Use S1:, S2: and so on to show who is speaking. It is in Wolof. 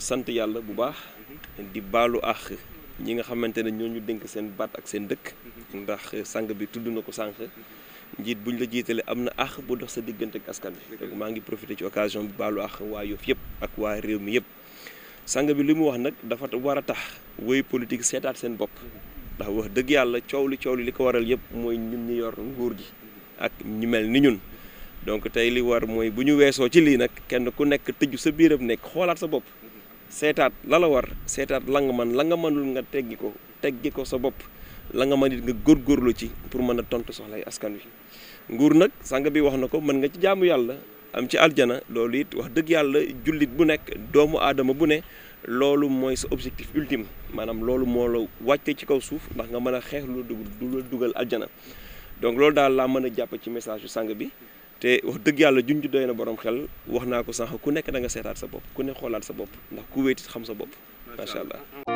S1: sant yàlla bu baax di baalu àq ñi nga xamante ne ñoo ñu dénk seen baat ak seen dëkk ndax sang bi tudd na ko sànq njiit buñ la jiitalee am na àq bu dox sa diggante ak askan bi maa ngi profité ci occasion bi baalu àq waa Yoff yëpp ak waa réew mi yëpp sang bi li mu wax nag dafa war a tax wéy politique seetaat seen bopp ndax wax dëgg yàlla coow li coow li li ko waral yëpp mooy ñun ñi yor nguur gi ak ñu mel ni ñun donc tey li war mooy bu ñu weesoo ci lii nag kenn ku nekk tëju sa biiram nekk xoolaat sa bopp seetaat la la war seetaat la nga man la nga mënul nga teggi ko teggi ko sa bopp la nga mën it nga góor góorlu ci pour mën a tontu soxlay askan wi nguur nag sàng bi wax na ko mën nga ci jaamu yàlla am ci aljana loolu it wax dëgg yàlla jullit bu nekk doomu aadama bu ne loolu mooy sa objectif ultime maanaam loolu moo la wàcce ci kaw suuf ndax nga mën a xeex lu dugg du la dugal aljana donc loolu daal laa mën a jàpp ci message sang bi te wax dëgg yàlla juñ ju doy na borom xel wax naa ko sànq ku nekk da nga seetaat sa bopp ku ne xoolaat sa bopp ndax ku wéetit xam sa bopp macha allah